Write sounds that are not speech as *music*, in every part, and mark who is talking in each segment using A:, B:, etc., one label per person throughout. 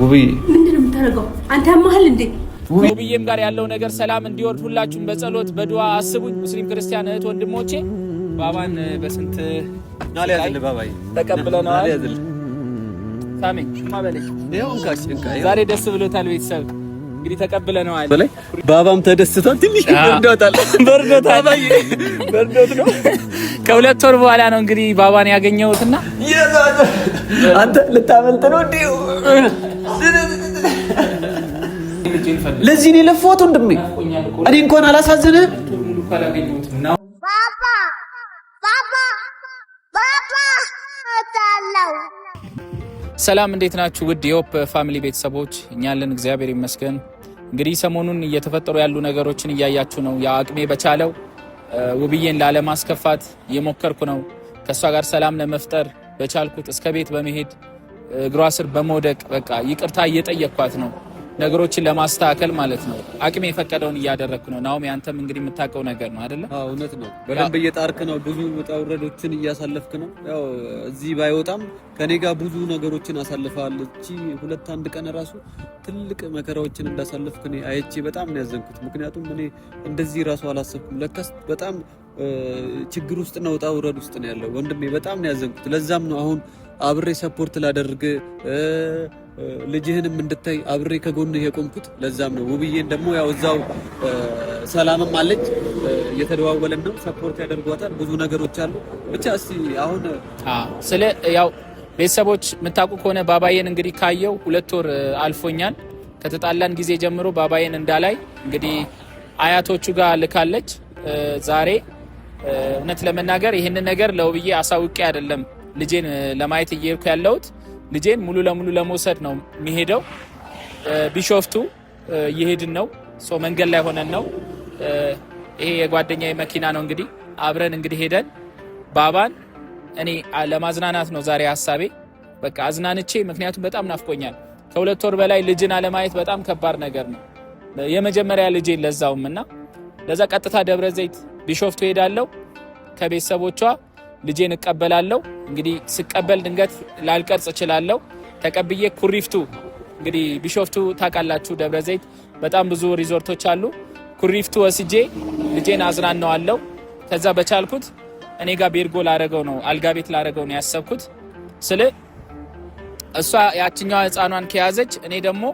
A: ውብዬ
B: ምንድን ነው የምታደርገው? አንተ ያማህል እንዴ?
A: ውብዬም ጋር ያለው ነገር ሰላም እንዲወርድ ሁላችሁም በጸሎት በድዋ አስቡኝ። ሙስሊም ክርስቲያን እህት ወንድሞቼ ባባን በስንት ተቀብለነዋል። ሳሜ ዛሬ ደስ ብሎታል ቤተሰብ እንግዲህ ተቀብለነዋል።
C: ባባም ተደስቷል። ትንሽ በርዶታል በርዶታል በርዶት
A: ነው። ከሁለት ወር በኋላ ነው እንግዲህ ባባን ያገኘሁትና
C: አንተ ልታመልጥ ነው እንዲሁ ለዚህ ነው የለፋሁት ወንድሜ። እኔ እንኳን አላሳዝንህ።
A: ሰላም እንዴት ናችሁ? ውድ የኦፕ ፋሚሊ ቤተሰቦች እኛ ያለን እግዚአብሔር ይመስገን። እንግዲህ ሰሞኑን እየተፈጠሩ ያሉ ነገሮችን እያያችሁ ነው። የአቅሜ በቻለው ውብዬን ላለማስከፋት እየሞከርኩ ነው። ከእሷ ጋር ሰላም ለመፍጠር በቻልኩት እስከ ቤት በመሄድ እግሯ ስር በመውደቅ በቃ ይቅርታ እየጠየቅኳት ነው ነገሮችን ለማስተካከል ማለት ነው። አቅሜ የፈቀደውን እያደረግኩ ነው። ናሆም አንተም እንግዲህ የምታውቀው ነገር ነው አይደለ?
C: እውነት ነው። በደንብ እየጣርክ ነው። ብዙ ውጣ ውረዶችን እያሳለፍክ ነው። ያው እዚህ ባይወጣም ከኔ ጋር ብዙ ነገሮችን አሳልፈሃል። እቺ ሁለት አንድ ቀን ራሱ ትልቅ መከራዎችን እንዳሳለፍክ እኔ አይቼ በጣም ነው ያዘንኩት። ምክንያቱም እኔ እንደዚህ ራሱ አላሰብኩም። ለካስ በጣም ችግር ውስጥ ነው፣ ውጣ ውረድ ውስጥ ነው ያለው ወንድሜ። በጣም ነው ያዘንኩት። ለዛም ነው አሁን አብሬ ሰፖርት ላደርግ ልጅህንም እንድታይ አብሬ ከጎንህ የቆምኩት ለዛም ነው። ውብዬን ደግሞ ያው እዛው ሰላምም አለች እየተደዋወለን ነው። ሰፖርት ያደርጓታል። ብዙ ነገሮች አሉ። ብቻ እስቲ አሁን
A: ስለ ያው ቤተሰቦች የምታውቁ ከሆነ ባባዬን እንግዲህ ካየው ሁለት ወር አልፎኛል። ከተጣላን ጊዜ ጀምሮ ባባዬን እንዳላይ እንግዲህ አያቶቹ ጋር ልካለች። ዛሬ እውነት ለመናገር ይህንን ነገር ለውብዬ አሳውቄ አይደለም ልጄን ለማየት እየሄድኩ ያለሁት ልጄን ሙሉ ለሙሉ ለመውሰድ ነው የሚሄደው። ቢሾፍቱ እየሄድን ነው። መንገድ ላይ ሆነን ነው። ይሄ የጓደኛዬ መኪና ነው። እንግዲህ አብረን እንግዲህ ሄደን ባባን እኔ ለማዝናናት ነው ዛሬ ሀሳቤ። በቃ አዝናንቼ፣ ምክንያቱም በጣም ናፍቆኛል። ከሁለት ወር በላይ ልጅን አለማየት በጣም ከባድ ነገር ነው። የመጀመሪያ ልጄን ለዛውም እና ለዛ ቀጥታ ደብረ ዘይት ቢሾፍቱ ሄዳለው ከቤተሰቦቿ ልጄን እቀበላለሁ። እንግዲህ ስቀበል ድንገት ላልቀርጽ እችላለሁ። ተቀብዬ ኩሪፍቱ እንግዲህ ቢሾፍቱ ታውቃላችሁ፣ ደብረ ዘይት በጣም ብዙ ሪዞርቶች አሉ። ኩሪፍቱ ወስጄ ልጄን አዝናነዋለሁ። ከዛ በቻልኩት እኔ ጋር ቤርጎ ላረገው ነው አልጋ ቤት ላረገው ነው ያሰብኩት ስል እሷ ያችኛዋ ህፃኗን ከያዘች እኔ ደግሞ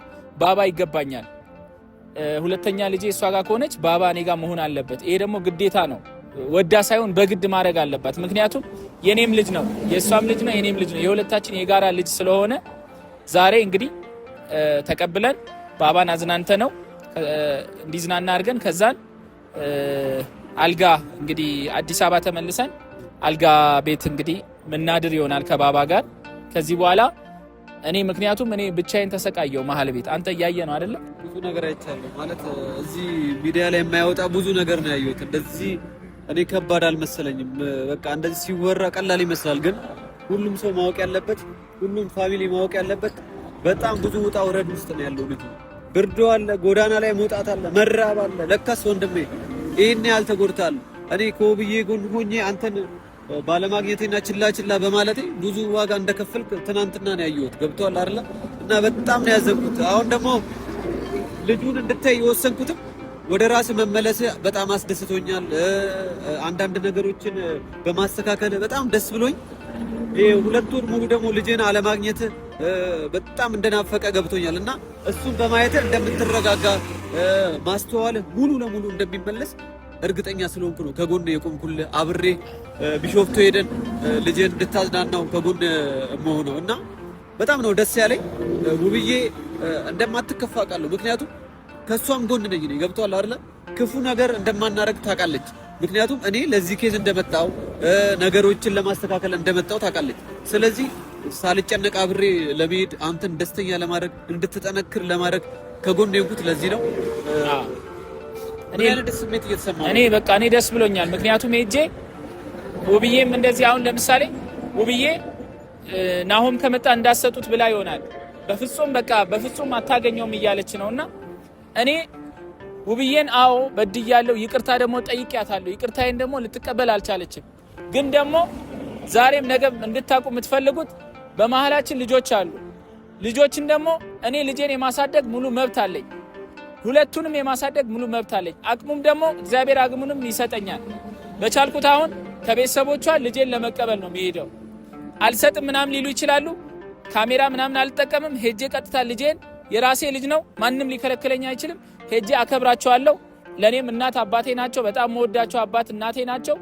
A: ባባ ይገባኛል። ሁለተኛ ልጄ እሷ ጋር ከሆነች ባባ እኔ ጋር መሆን አለበት። ይሄ ደግሞ ግዴታ ነው። ወዳ ሳይሆን በግድ ማድረግ አለባት። ምክንያቱም የኔም ልጅ ነው የእሷም ልጅ ነው የኔም ልጅ ነው የሁለታችን የጋራ ልጅ ስለሆነ ዛሬ እንግዲህ ተቀብለን ባባን አዝናንተ ነው እንዲዝናና አድርገን ከዛን አልጋ እንግዲህ አዲስ አበባ ተመልሰን አልጋ ቤት እንግዲህ ምናድር ይሆናል ከባባ ጋር ከዚህ በኋላ እኔ ምክንያቱም እኔ ብቻዬን ተሰቃየው መሀል ቤት አንተ እያየ ነው አይደለም
C: ብዙ ነገር አይቻለሁ ማለት እዚህ ሚዲያ ላይ የማያወጣ ብዙ ነገር ነው ያየሁት እንደዚህ እኔ ከባድ አልመሰለኝም። በቃ እንደዚህ ሲወራ ቀላል ይመስላል፣ ግን ሁሉም ሰው ማወቅ ያለበት ሁሉም ፋሚሊ ማወቅ ያለበት በጣም ብዙ ውጣ ውረድ ውስጥ ነው ያለው። ልጅ ብርዶ አለ፣ ጎዳና ላይ መውጣት አለ፣ መራብ አለ። ለካስ ወንድሜ ይህን ያህል እኔ ከውብዬ ጎን ሆኜ አንተን ባለማግኘቴና ችላ ችላ በማለቴ ብዙ ዋጋ እንደከፈልክ ትናንትና ነው ያየሁት። ገብቶሃል አይደለ? እና በጣም ነው ያዘንኩት። አሁን ደግሞ ልጁን እንድታይ የወሰንኩትም ወደ ራስ መመለስ በጣም አስደስቶኛል። አንዳንድ ነገሮችን በማስተካከል በጣም ደስ ብሎኝ ሁለት ወር ሙሉ ደግሞ ልጅን አለማግኘት በጣም እንደናፈቀ ገብቶኛል እና እሱን በማየት እንደምትረጋጋ ማስተዋል ሙሉ ለሙሉ እንደሚመለስ እርግጠኛ ስለሆንኩ ነው ከጎን የቆምኩል አብሬ ቢሾፍቶ ሄደን ልጅን እንድታዝናናው ከጎን መሆነው እና በጣም ነው ደስ ያለኝ። ውብዬ እንደማትከፋ ቃለሁ ምክንያቱም ከእሷም ጎን ነኝ ነኝ ገብቷል አይደለ? ክፉ ነገር እንደማናረግ ታውቃለች። ምክንያቱም እኔ ለዚህ ኬዝ እንደመጣው ነገሮችን ለማስተካከል እንደመጣው ታውቃለች። ስለዚህ ሳልጨነቅ አብሬ ለመሄድ አንተን ደስተኛ ለማድረግ እንድትጠነክር ለማድረግ ከጎን የንኩት ለዚህ ነው። እኔ በቃ እኔ ደስ ብሎኛል። ምክንያቱም ሄጄ
A: ውብዬም እንደዚህ አሁን ለምሳሌ ውብዬ ናሆም ከመጣ እንዳሰጡት ብላ ይሆናል። በፍጹም በቃ በፍጹም አታገኘውም እያለች እና እኔ ውብዬን አዎ በድያለሁ፣ ይቅርታ ደግሞ ጠይቂያታለሁ። ይቅርታዬን ደግሞ ልትቀበል አልቻለችም። ግን ደግሞ ዛሬም ነገም እንድታውቁ የምትፈልጉት በመሀላችን ልጆች አሉ። ልጆችን ደግሞ እኔ ልጄን የማሳደግ ሙሉ መብት አለኝ። ሁለቱንም የማሳደግ ሙሉ መብት አለኝ። አቅሙም ደግሞ እግዚአብሔር አቅሙንም ይሰጠኛል። በቻልኩት አሁን ከቤተሰቦቿ ልጄን ለመቀበል ነው የሚሄደው። አልሰጥም ምናምን ሊሉ ይችላሉ። ካሜራ ምናምን አልጠቀምም። ሄጄ ቀጥታ ልጄን የራሴ ልጅ ነው። ማንም ሊከለክለኝ አይችልም። ሄጄ አከብራቸዋለሁ። ለእኔም እናት አባቴ ናቸው። በጣም መወዳቸው አባት እናቴ ናቸው።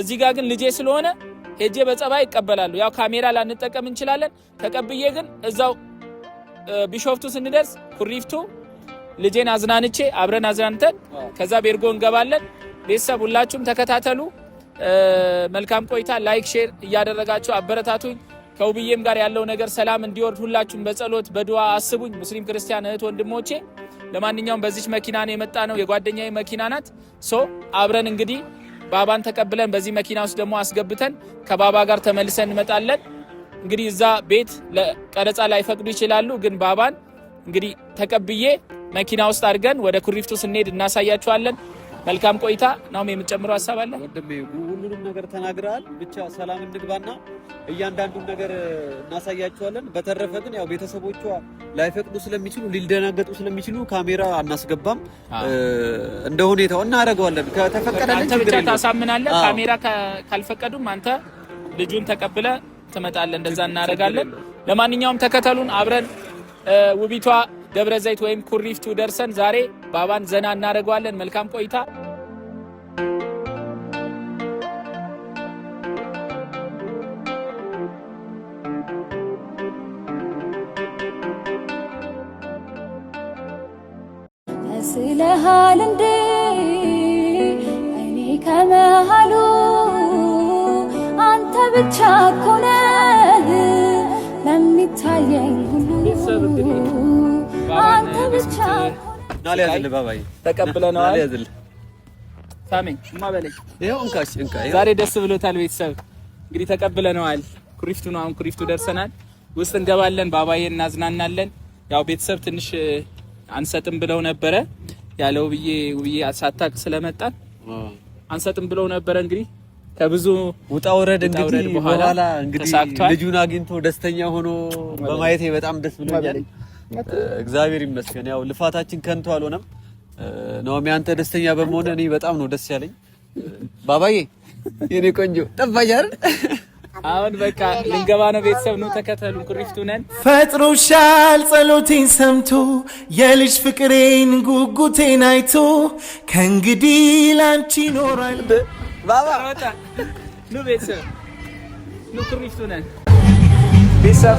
A: እዚህ ጋር ግን ልጄ ስለሆነ ሄጄ በጸባይ ይቀበላሉ። ያው ካሜራ ላንጠቀም እንችላለን። ተቀብዬ ግን እዛው ቢሾፍቱ ስንደርስ ኩሪፍቱ ልጄን አዝናንቼ አብረን አዝናንተን ከዛ ቤርጎ እንገባለን። ቤተሰብ ሁላችሁም ተከታተሉ። መልካም ቆይታ። ላይክ ሼር እያደረጋችሁ አበረታቱኝ። ከውብዬም ጋር ያለው ነገር ሰላም እንዲወርድ ሁላችሁም በጸሎት በድዋ አስቡኝ። ሙስሊም ክርስቲያን እህት ወንድሞቼ፣ ለማንኛውም በዚች መኪና ነው የመጣ ነው። የጓደኛዬ መኪና ናት። ሶ አብረን እንግዲህ ባባን ተቀብለን በዚህ መኪና ውስጥ ደግሞ አስገብተን ከባባ ጋር ተመልሰን እንመጣለን። እንግዲህ እዛ ቤት ላይ ላይፈቅዱ ይችላሉ፣ ግን ባባን እንግዲህ ተቀብዬ መኪና ውስጥ አድርገን ወደ ኩሪፍቱ ስንሄድ እናሳያችኋለን። መልካም ቆይታ። ናሁም የምትጨምረው ሀሳብ አለ
C: ወንድሜ? ሁሉንም ነገር ተናግረሃል። ብቻ ሰላም እንግባና እያንዳንዱን ነገር እናሳያቸዋለን። በተረፈ ግን ያው ቤተሰቦቿ ላይፈቅዱ ስለሚችሉ ሊደናገጡ ስለሚችሉ ካሜራ አናስገባም። እንደ ሁኔታው እናደርገዋለን።
A: ከተፈቀደልን አንተ ብቻ ታሳምናለህ። ካሜራ ካልፈቀዱም አንተ ልጁን ተቀብለ ትመጣለህ። እንደዛ እናደርጋለን። ለማንኛውም ተከተሉን አብረን ውቢቷ ደብረ ዘይት ወይም ኩሪፍቱ ደርሰን ዛሬ ባባን ዘና እናደርገዋለን። መልካም ቆይታ።
D: ስለሃል እንዴ እኔ ከመሃሉ አንተ ብቻ ኮነ ለሚታየኝ ሁሉ
A: ተቀብለነዋል። ሳሜን እማ በለኝ። ዛሬ ደስ ብሎታል ቤተሰብ እንግዲህ ተቀብለነዋል። ኩሪፍቱ ነው አሁን ኩሪፍቱ ደርሰናል። ውስጥ እንገባለን፣ ባባዬ እናዝናናለን። ያው ቤተሰብ ትንሽ አንሰጥም ብለው ነበረ ያለው ብዬ ውብዬ ሳታቅ ስለመጣን አንሰጥም ብለው ነበረ እንግዲህ ከብዙ
C: ውጣ ወረድ እንግዲህ በኋላ እንግዲህ ልጁን አግኝቶ ደስተኛ ሆኖ በማየቴ በጣም ደስ ብሎኛል። እግዚአብሔር ይመስገን። ያው ልፋታችን ከንቱ አልሆነም። ነውም ያንተ ደስተኛ በመሆን እኔ በጣም ነው ደስ ያለኝ። ባባዬ የኔ ቆንጆ ጠባጃር
A: አሁን በቃ ልንገባ ነው። ቤተሰብ ነው ተከተሉ። ኩሪፍቱ ነን
E: ፈጥሮሻል። ጸሎቴን ሰምቶ የልጅ ፍቅሬን ጉጉቴን አይቶ ከእንግዲህ ላንቺ ይኖራል።
A: ባባ ኑ ቤተሰብ ኑ፣ ኩሪፍቱ ነን ቤተሰብ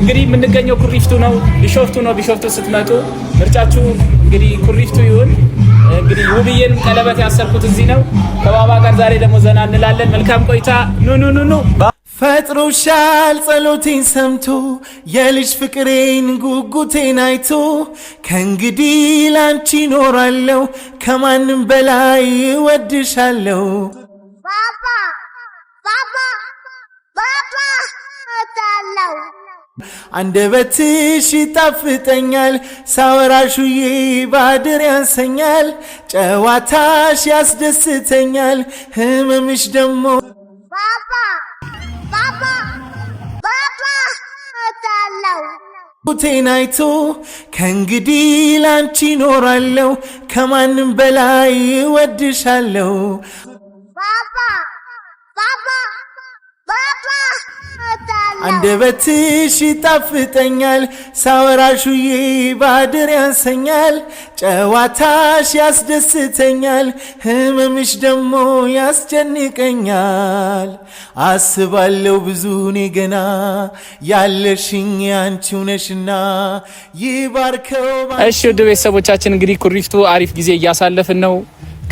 A: እንግዲህ የምንገኘው ኩሪፍቱ ነው፣ ቢሾፍቱ ነው። ቢሾፍቱ ስትመጡ ምርጫችሁ እንግዲህ ኩሪፍቱ ይሁን። እንግዲህ ውብዬን ቀለበት ያሰርኩት እዚህ ነው። ከባባ ጋር ዛሬ ደግሞ ዘና እንላለን። መልካም ቆይታ። ኑ ኑ ኑ ኑ።
E: ፈጥሮሻል ጸሎቴን ሰምቶ የልጅ ፍቅሬን ጉጉቴን አይቶ ከእንግዲህ ላንቺ ይኖራለሁ፣ ከማንም በላይ እወድሻለሁ።
F: ባባ ባባ ባባ እወዳለሁ
E: አንደበትሽ ይጣፍጠኛል ሳወራሽ ውዬ ባድር ያንሰኛል ጨዋታሽ ያስደስተኛል ህመምሽ ደግሞ ቴናይቶ ከእንግዲህ ላንቺ ይኖራለሁ ከማንም በላይ እወድሻለሁ አንደበትሽ ይጣፍጠኛል ሳወራሹዬ ባድር ያንሰኛል ጨዋታሽ ያስደስተኛል ህመምሽ ደግሞ ያስጨንቀኛል አስባለው ብዙ እኔ ገና ያለሽኝ አንቺው ነሽና ይባርከው።
A: እሺ ውድ ቤተሰቦቻችን እንግዲህ ኩሪፍቱ አሪፍ ጊዜ እያሳለፍን ነው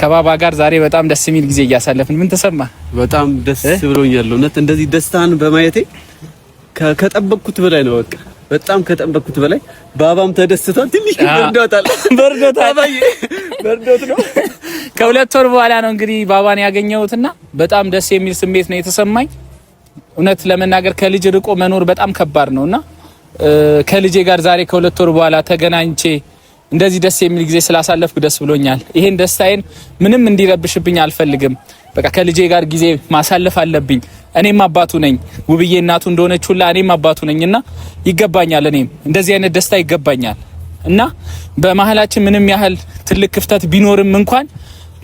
A: ከባባ ጋር ዛሬ በጣም ደስ የሚል ጊዜ እያሳለፍን ምን ተሰማ?
C: በጣም ደስ ብሎኛል እውነት እንደዚህ ደስታን በማየቴ ከጠበቅኩት በላይ ነው። በቃ በጣም ከጠበቅኩት በላይ ባባም ተደስቷል። ትንሽ በርዶታል፣ በርዶታል፣ በርዶት
A: ነው። *laughs* ከሁለት ወር በኋላ ነው እንግዲህ ባባን ያገኘሁትና በጣም ደስ የሚል ስሜት ነው የተሰማኝ። እውነት ለመናገር ከልጅ ርቆ መኖር በጣም ከባድ ነውና ከልጄ ጋር ዛሬ ከሁለት ወር በኋላ ተገናኝቼ እንደዚህ ደስ የሚል ጊዜ ስላሳለፍኩ ደስ ብሎኛል። ይሄን ደስታዬን ምንም እንዲረብሽብኝ አልፈልግም። በቃ ከልጄ ጋር ጊዜ ማሳለፍ አለብኝ። እኔም አባቱ ነኝ። ውብዬ እናቱ እንደሆነች ሁላ እኔም አባቱ እና ይገባኛል። እኔም እንደዚህ አይነት ደስታ ይገባኛል። እና በመሀላችን ምንም ያህል ትልቅ ክፍተት ቢኖርም እንኳን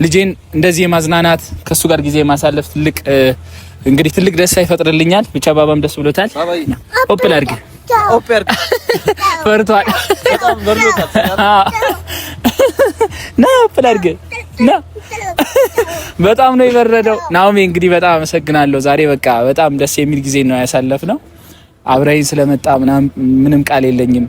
A: ልጄን እንደዚህ የማዝናናት ከእሱ ጋር ጊዜ የማሳለፍ ትልቅ እንግዲህ ትልቅ ደስታ ይፈጥርልኛል። ብቻ ባባም ደስ ብሎታል። ኦፕ ላድርግ። ፈርቷል። ና ኦፕ ላድርግ። ና በጣም ነው የበረደው። ናኦሚ እንግዲህ በጣም አመሰግናለሁ። ዛሬ በቃ በጣም ደስ የሚል ጊዜ ነው ያሳለፍነው። ነው። ስለመጣ ምንም ቃል የለኝም።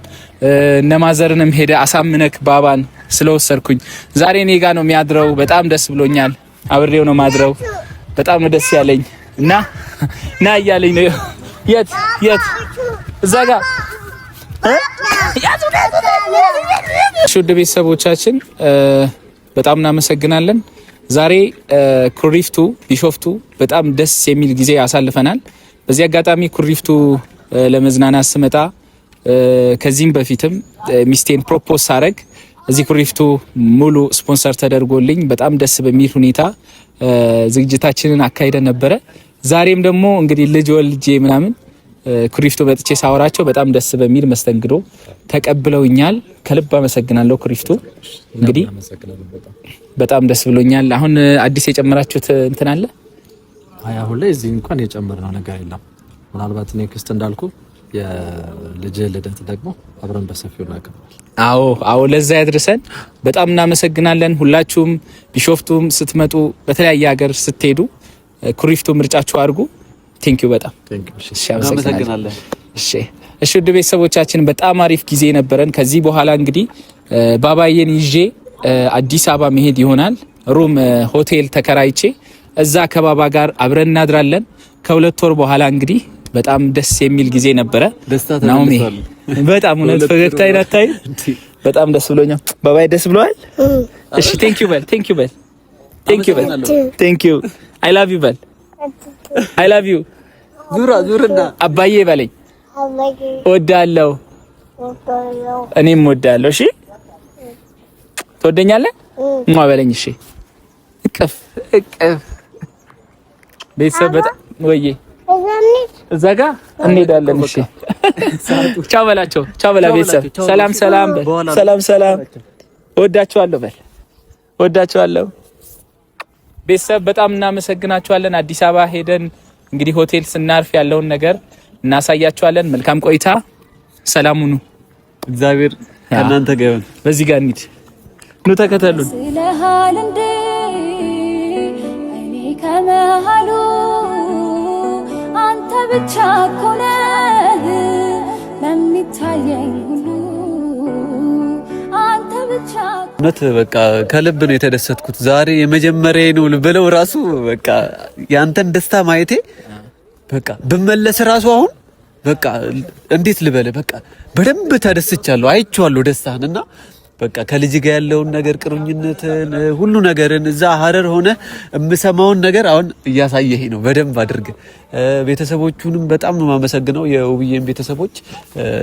A: እነማዘርንም ሄደ አሳምነክ ባባን ስለወሰድኩኝ ዛሬ እኔ ጋ ነው የሚያድረው። በጣም ደስ ብሎኛል። አብሬው ነው ማድረው። በጣም ደስ ያለኝ እና ና እያለኝ ነው። የት የት እዛ ጋ ሹድ ቤተሰቦቻችን በጣም እናመሰግናለን። ዛሬ ኩሪፍቱ ቢሾፍቱ በጣም ደስ የሚል ጊዜ አሳልፈናል። በዚህ አጋጣሚ ኩሪፍቱ ለመዝናናት ስመጣ ከዚህም በፊትም ሚስቴን ፕሮፖዝ ሳረግ እዚህ ኩሪፍቱ ሙሉ ስፖንሰር ተደርጎልኝ በጣም ደስ በሚል ሁኔታ ዝግጅታችንን አካሂደን ነበረ። ዛሬም ደግሞ እንግዲህ ልጅ ወልጄ ምናምን ክሪፍቶ መጥቼ ሳወራቸው በጣም ደስ በሚል መስተንግዶ ተቀብለውኛል። ከልብ አመሰግናለሁ ክሪፍቶ። እንግዲህ በጣም ደስ ብሎኛል። አሁን አዲስ የጨመራችሁት እንትን አለ?
C: አይ አሁን ላይ እዚህ እንኳን የጨመርነው ነገር የለም። ምናልባት ኔክስት እንዳልኩ የልጅ ልደት ደግሞ አብረን በሰፊው እናከብራል።
A: አዎ አዎ፣ ለዛ ያድርሰን። በጣም እናመሰግናለን። ሁላችሁም ቢሾፍቱም ስትመጡ፣ በተለያየ ሀገር ስትሄዱ ኩሪፍቱ ምርጫችሁ አድርጉ። ቴንኪዩ በጣም እናመሰግናለን። እሺ ውድ ቤተሰቦቻችን በጣም አሪፍ ጊዜ ነበረን። ከዚህ በኋላ እንግዲህ ባባዬን ይዤ አዲስ አበባ መሄድ ይሆናል። ሩም ሆቴል ተከራይቼ እዛ ከባባ ጋር አብረን እናድራለን። ከሁለት ወር በኋላ እንግዲህ በጣም ደስ የሚል ጊዜ ነበረ። ናኦሚ በጣም እውነት ፈገግታ ይናታይ በጣም ደስ ብሎኛል። ባባይ ደስ ብለዋል። እሺ ቴንክ ዩ በል ቴንክ ዩ በል ቴንክ ዩ በል ቴንክ ዩ አይ ላቭ ዩ በል አይ ላቭ ዩ
C: ዙራ ዙርና
A: አባዬ በለኝ። ወዳለው እኔም ወዳለው እሺ ትወደኛለህ? እማ በለኝ። እሺ
C: እቅፍ እቅፍ
A: ቤተሰብ በጣም ወዬ እዛ ጋ እንሄዳለን። እሺ ቻው በላቸው። ቻው በላ ቤተሰብ። ሰላም ሰላም ሰላም ሰላም። ወዳችኋለሁ በል ወዳችኋለሁ። ቤተሰብ በጣም እናመሰግናችኋለን። አዲስ አበባ ሄደን እንግዲህ ሆቴል ስናርፍ ያለውን ነገር እናሳያችኋለን። መልካም ቆይታ። ሰላም ሁኑ።
C: እግዚአብሔር ከእናንተ ጋር ይሁን።
A: በዚህ ጋር እንሂድ። ኑ ተከተሉን። ስለሃል እንዴ እኔ ከመሃሉ ብቻ
C: እኮ ነህ ሁሉ አንተ ብቻ። እውነት በቃ ከልብ ነው የተደሰትኩት። ዛሬ የመጀመሪያ ነው ብለው ራሱ በቃ ያንተን ደስታ ማየቴ በቃ ብመለስ ራሱ አሁን በቃ እንዴት ልበለ በቃ በደንብ ተደስቻለሁ፣ አይቼዋለሁ ደስታህን እና በቃ ከልጅ ጋር ያለውን ነገር ቅሩኝነትን ሁሉ ነገርን እዛ ሀረር ሆነ የምሰማውን ነገር አሁን እያሳየህ ነው በደንብ አድርገ። ቤተሰቦቹንም በጣም ነው የማመሰግነው። የውብዬን ቤተሰቦች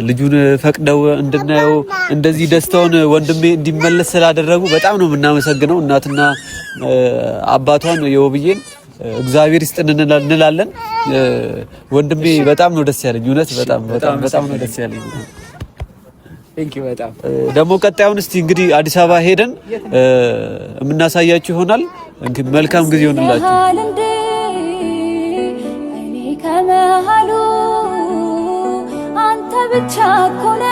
C: ልጁን ፈቅደው እንድናየው እንደዚህ ደስታውን ወንድሜ እንዲመለስ ስላደረጉ በጣም ነው የምናመሰግነው። እናትና አባቷን የውብዬን እግዚአብሔር ይስጥን እንላለን። ወንድሜ በጣም ነው ደስ ያለኝ። እውነት በጣም
A: በጣም ነው ደስ ያለኝ። ደግሞ ቀጣዩን እስቲ እንግዲህ አዲስ አበባ ሄደን የምናሳያችሁ ይሆናል። መልካም ጊዜ ይሆንላችሁ። ከመሃሉ አንተ ብቻ ሁሉ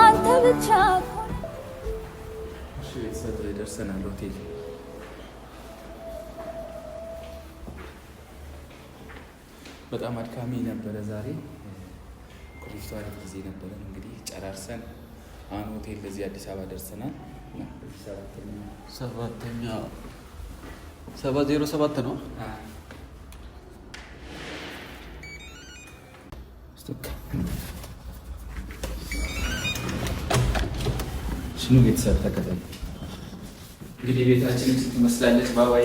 C: አንተ ብቻ በጣም አድካሚ ነበረ። ዛሬ ኩሪፍቱ አሪፍ ጊዜ ነበረ። እንግዲህ ጨራርሰን አሁን ሆቴል ለዚህ አዲስ አበባ ደርሰናል። ሰባተኛ ሰባ ዜሮ ሰባት ነው። ሽኑ ቤተሰብ ተከተል እንግዲህ ቤታችንም ስትመስላለች ባባዬ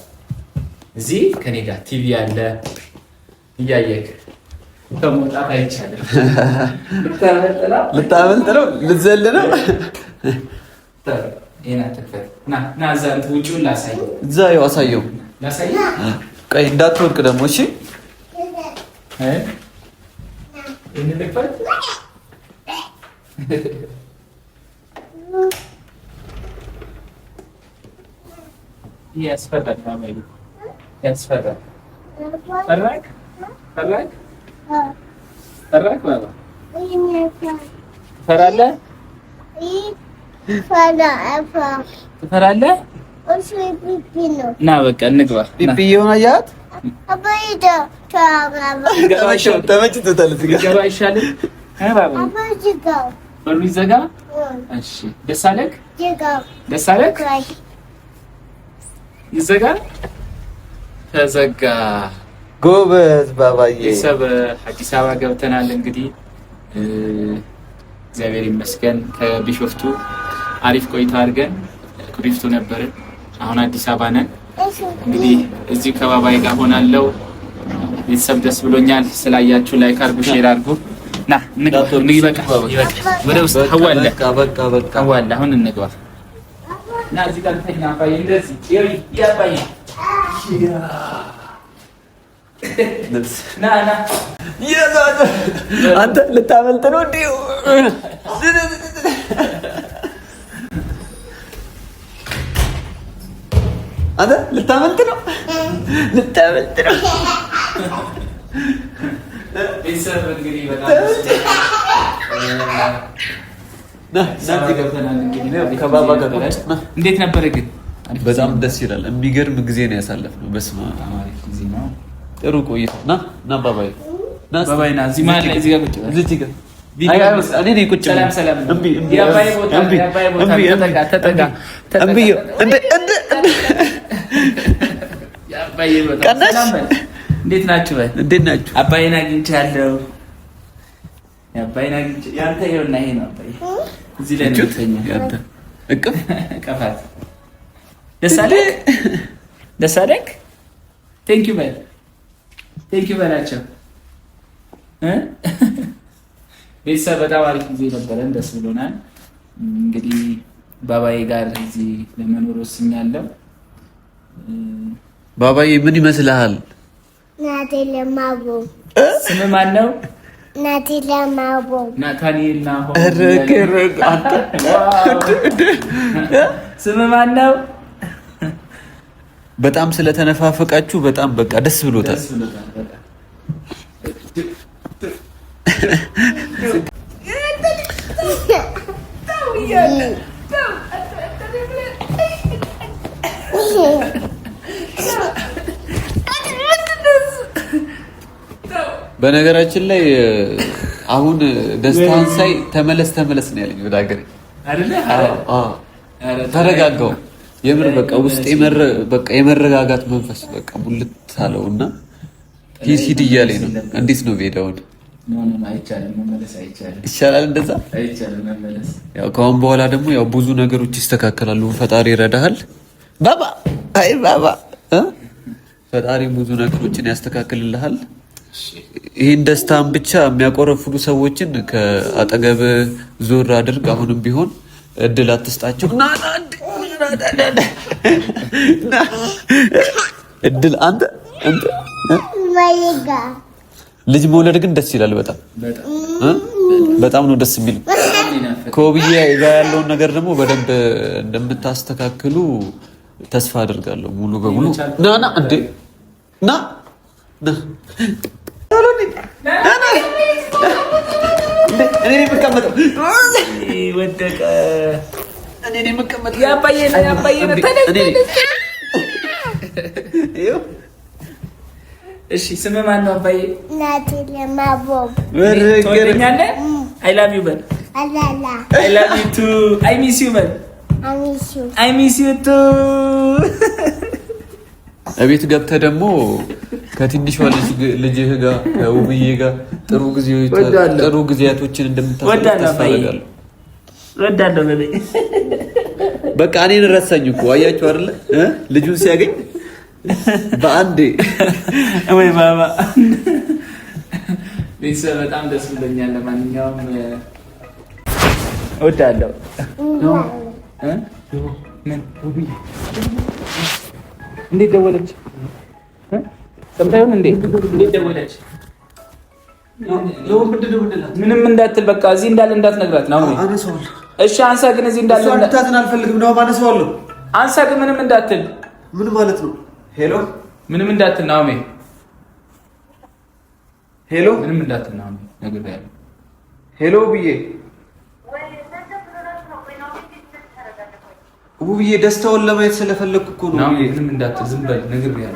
C: እዚህ ከኔ ጋር ቲቪ አለ እያየክ ከመውጣት አይቻልም።
A: ልታመልጥ ነው፣ ልትዘል ነው። እዛ ያው አሳየው፣ ቆይ እንዳትወድቅ ደግሞ። እሺ
C: ያስፈላል Yes, Ferrak. Ferrak? Ferrak? Ferrak mı? Feralle? ፈራለ ና በቃ እንግባ።
A: ፒፒ የሆነ ያት ተመችቶታል።
C: ገባ ይሻልም በሩ ይዘጋ። እሺ ደሳለክ ደሳለክ ይዘጋ ተዘጋ።
A: ጎበዝ ባባዬ።
C: ቤተሰብ አዲስ አበባ ገብተናል። እንግዲህ እግዚአብሔር ይመስገን ከቢሾፍቱ አሪፍ ቆይታ አድርገን ቢሾፍቱ ነበርን። አሁን አዲስ አበባ ነን። እንግዲህ እዚህ ከባባዬ ጋር ሆናለው። ቤተሰብ ደስ ብሎኛል ስላያችሁ። ላይክ አርጉ፣ ሼር አርጉ። ና እንግባ፣
A: ወደ ውስጥ ሀዋለ ሀዋለ አሁን እንግባ።
C: ና እዚህ ጋር ተኛ አባዬ፣ እንደዚህ ይባያል
A: አንተ ልታመልጥ ነው እንዲሁ አንተ ልታመልጥ ነው ልታመልጥ ነው።
C: ቤተሰብ እንግዲህ በጣም
A: እንዴት ነበረ ግን
C: በጣም ደስ ይላል። የሚገርም ጊዜ ነው ያሳለፍነው። በስመ አብ ጥሩ ቆይታ ና ና እንዴት ናችሁ? እንዴት ናችሁ? አባይን አግኝቻለሁ። አግኝቻለሁ። ያንተ ይሄ ነው አባይ እዚህ ላይ ነው። *laughs* ደስ አለህ። ቴንክ ዩ በል ቴንክ ዩ በላቸው። ቤተሰብ በጣም አሪፍ ጊዜ ነበረን፣ ደስ ብሎናል። እንግዲህ ባባዬ ጋር እዚህ ለመኖር ወስኛለሁ።
A: ባባዬ ምን ይመስልሃል?
F: ናቴ ለማቦ
C: ስም ማን ነው?
F: ናቴ ለማቦ
C: ናታኒል ናሆ ስም ማን ነው?
A: በጣም ስለተነፋፈቃችሁ በጣም በቃ ደስ ብሎታል። በነገራችን ላይ አሁን ደስታን ሳይ ተመለስ ተመለስ ነው ያለኝ ወደ ሀገሬ። ተረጋጋው የምር በቃ ውስጥ በቃ የመረጋጋት መንፈስ በቃ ሙልት አለው እና ሂድ እያለኝ ነው። እንዴት ነው ቤዳውን ይቻላል? እንደዛ ከአሁን በኋላ ደግሞ ያው ብዙ ነገሮች ይስተካከላሉ። ፈጣሪ ይረዳሃል። ባባ አይ ባባ ፈጣሪ ብዙ ነገሮችን ያስተካክልልሃል። ይህን ደስታን ብቻ የሚያቆረፍሉ ሰዎችን ከአጠገብ ዞር አድርግ። አሁንም ቢሆን እድል አትስጣቸው። እድል አንተ ልጅ መውለድ ግን ደስ ይላል። በጣም በጣም ነው ደስ የሚል። ከውብዬ ጋር ያለውን ነገር ደግሞ በደንብ እንደምታስተካክሉ ተስፋ አድርጋለሁ። ሙሉ በሙሉ ና እንዴ ና
C: ወደቀ እሺ ስም ማን ነው? አባዬ
A: ትወደኛለህ?
C: አይ ላቭ ዩ በል። አይ ላቭ ዩ ቱ። አይ ሚስ ዩ በል። አይ ሚስ ዩ ቱ።
A: እቤት ገብተህ ደግሞ ከትንሿ ልጅህ ጋር ከውብዬ ጋር ጥሩ ጊዜያቶችን
C: እንደምታሳልፍ ተስፋ እወዳለሁ በበይ
A: በቃ እኔን ረሳኝ እኮ አያችሁ አይደለ? ልጁን ሲያገኝ በአንዴ
C: ወይ ባባ ቤተሰብ በጣም ደስ ብሎኛል። ለማንኛውም
A: ወዳለሁ እንዴት ደወለች? ሰምታዩን እንዴት ደወለች? ምንም እንዳትል በቃ እዚህ እንዳለ እንዳትነግራት ነው። እሺ አንሳ፣ ግን እዚህ እንዳለ
C: አልፈልግም ነው። አነሳዋለሁ።
A: አንሳ፣ ግን ምንም እንዳትል።
C: ምን ማለት ነው? ሄሎ፣
A: ምንም እንዳትል ነው። አሜ ሄሎ፣ ምንም እንዳትል ነው። አሜ ነገር ያለ
C: ሄሎ ብዬ ውብዬ ደስታውን ለማየት ስለፈለግኩ እኮ
A: ነው። ምንም እንዳትል ዝም በል ነገር ያለ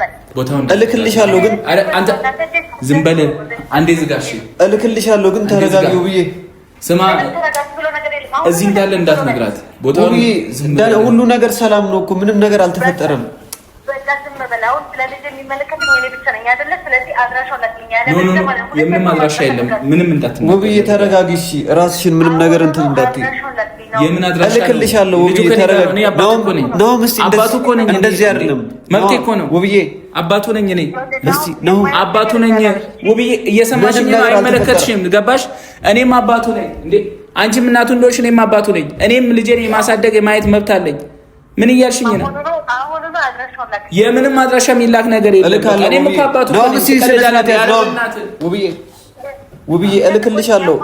A: ቦታውን እልክልሻለሁ፣ ግን አረ አንተ ዝም በል አንዴ ዝጋ። እሺ
C: እልክልሻለሁ፣ ግን ተረጋጊ ብዬ
A: ስማ እዚህ እንዳለ እንዳትነግራት
C: ቦታውን። እንዳለ ሁሉ ነገር ሰላም ነው እኮ ምንም ነገር አልተፈጠረም።
A: የምንም አድራሻ የለም። ምንም እንዳትነግራት
C: ውብዬ፣ ተረጋጊ። እሺ እራስሽን ምንም ነገር እንትን እንዳትይ። የምን አድራሻ
A: እልክልሻለሁ። ውብዬ ተረጋጊ። ናሁም እስኪ እንደዚህ አይደለም፣ መብቴ እኮ ነው ውብዬ አባቱ ነኝ እኔ እስቲ ነው አባቱ ነኝ። ውብዬ እየሰማሽ ነው? አይመለከትሽም። ገባሽ? እኔም አባቱ ነኝ እንዴ! አንቺም እናቱ እንደሆንሽ እኔም አባቱ ነኝ። እኔም ልጄን የማሳደግ የማየት መብት አለኝ። ምን እያልሽኝ ነው? የምንም አድራሻ የሚላክ ነገር የለም። እኔም ከአባቱ ውብዬ እልክልሻለሁ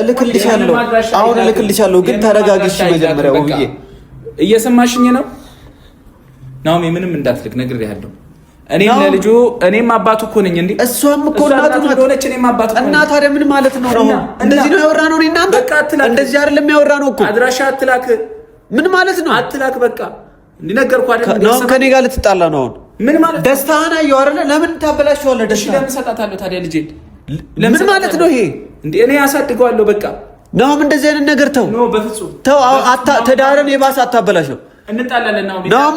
A: እልክልሻለሁ አሁን እልክልሻለሁ። ግን ተረጋግሽ መጀመሪያ ውብዬ፣ እየሰማሽኝ ነው? ናሚ ምንም እንዳትልቅ ነግሬሃለሁ። እኔም ለልጁ እኔም አባቱ እኮ ነኝ። እንደ
C: እሷም እኮ እናቱ
A: ሆነች እኔም አባቱ እና ታዲያ ምን ማለት ነው? ነው እንደዚህ ነው ያወራ ነው እናንተ እንደዚህ አይደለም የሚያወራ ነው እኮ አድራሻ አትላክ። ምን ማለት ነው አትላክ? በቃ እንዲነገርኩ አይደል ነው። ከኔ ጋር ልትጣላ ነው አሁን? ምን ማለት ደስታህን አየሁ አይደለ? ለምን ታበላሽዋለህ? ደስ ለምን ሰጣታለሁ ታዲያ ልጄ? ምን ማለት ነው ይሄ? እንዴ እኔ አሳድገዋለሁ በቃ። ነው። እንደዚህ አይነት ነገር ተው፣ በፍጹም ተው። አታ ትዳርን የባሰ አታበላሸው። እንጣላለን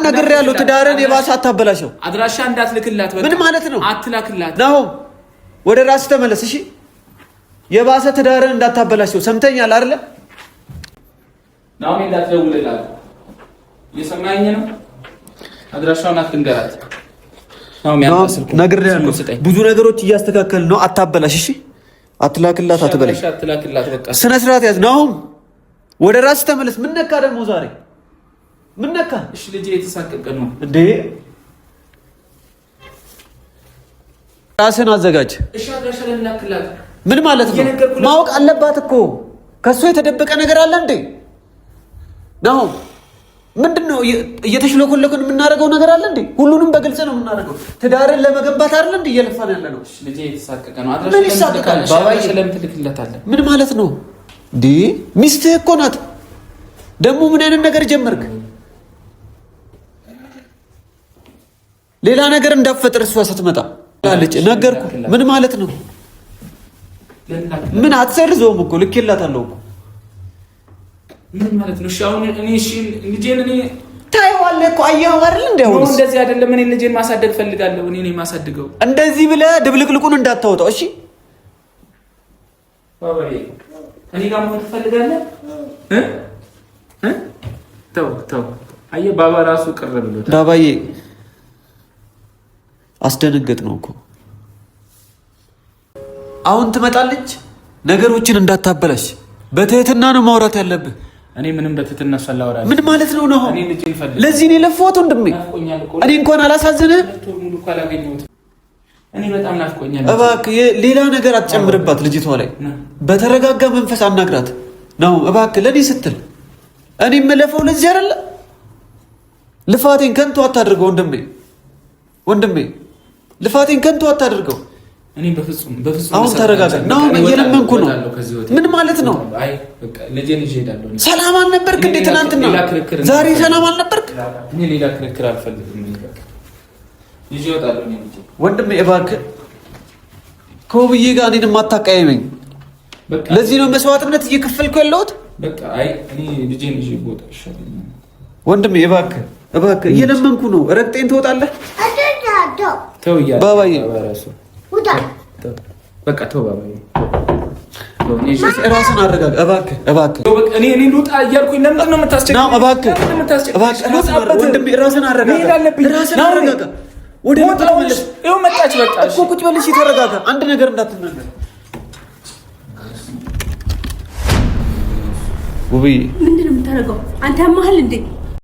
A: ነገር ያለው ትዳርን የባሰ አታበላሸው። አድራሻ እንዳትልክላት ምን ማለት ነው? አትላክላት። ናሆም ወደ ራስ ተመለስ እሺ። የባሰ ትዳርን እንዳታበላሸው ሰምተኛል አይደለ? ናሆም እንዳትደውልላት እየሰማኝ ነው? አድራሻውን አትንገራት። ያለው ብዙ ነገሮች እያስተካከል ነው። አታበላሽ እሺ። አትላክላት፣ አትበላሽ። ስነ ስርዓት ያዝ ናሆም። ወደ ራስ ተመለስ። ምን ነካ ደግሞ ዛሬ ምን ነካ? እሺ ልጄ የተሳቀቀ ነው እንዴ? ራስን አዘጋጅ። እሺ አድራሻ ለምናክላት ምን ማለት ነው? ማወቅ አለባት እኮ ከእሱ የተደበቀ ነገር አለ እንዴ? ናሁ ምንድን ነው እየተሽለኮለኩን የምናደርገው ነገር አለ እንዴ? ሁሉንም በግልጽ ነው የምናደርገው። ትዳርን ለመገንባት አለ እንዴ እየለፋን ያለ ነው። ምን ይሳቀቃል? ምን ማለት ነው? ሚስትህ እኮ ናት። ደግሞ ምን አይነት ነገር ጀመርክ? ሌላ ነገር እንዳፈጠር እሷ ስትመጣ ላለች ነገርኩ። ምን ማለት ነው? ምን አትሰርዘውም እኮ ልኬላታለሁ እኮ ምን ማለት ነው? እኮ አየኸው አይደል? እንደዚህ አይደለም። እኔ ልጄን ማሳደግ ፈልጋለሁ። እኔ ነኝ እንደዚህ ብለህ ድብልቅልቁን እንዳታወጣው እሺ። እኔ ጋር መሆን ትፈልጋለህ? ተው ተው። አየህ ባባ ራሱ ቅር ብሎታል። ባባዬ አስደነገጥ ነው እኮ። አሁን ትመጣለች። ነገሮችን እንዳታበላሽ በትህትና ነው ማውራት ያለብህ። እኔ ምንም በትህትና ሳላወራ ምን ማለት ነው ነው? ለዚህ እኔ ለፈወት ወንድሜ፣ እኔ እንኳን አላሳዝንህ። እባክህ ሌላ ነገር አትጨምርባት ልጅቷ ላይ። በተረጋጋ መንፈስ አናግራት ነው እባክህ፣ ለእኔ ስትል። እኔ የምለፈው ለዚህ አይደለ። ልፋቴን ከንቱ አታድርገው ወንድሜ ወንድሜ ልፋቴን ከንቱ አታደርገው። አሁን ተረጋጋ። አሁን እየለመንኩ ነው። ምን ማለት ነው? ሰላም አልነበርክ እንዴ? ትናንትና ዛሬ ሰላም አልነበርክ? ወንድሜ እባክህ ከውብዬ ጋር እኔንም አታቃየመኝ። ለዚህ ነው መስዋዕትነት እየከፈልኩ ያለሁት። ወንድሜ እባክህ እባክህ፣ እየለመንኩ ነው። ረግጤን ትወጣለህ ተው እያለ ባባዬ በቃ ተው ባባዬ እራስን አረጋግጥ እባክህ እባክህ። እኔ እኔ ልውጣ እያልኩኝ ለምንድን ነው የምታስቸግረው? እባክህ መጣች። በቃ እኮ ቁጭ በልሽ፣ አንድ ነገር እንዳትናገር ውብዬ። ምንድን አንተ? እንዴ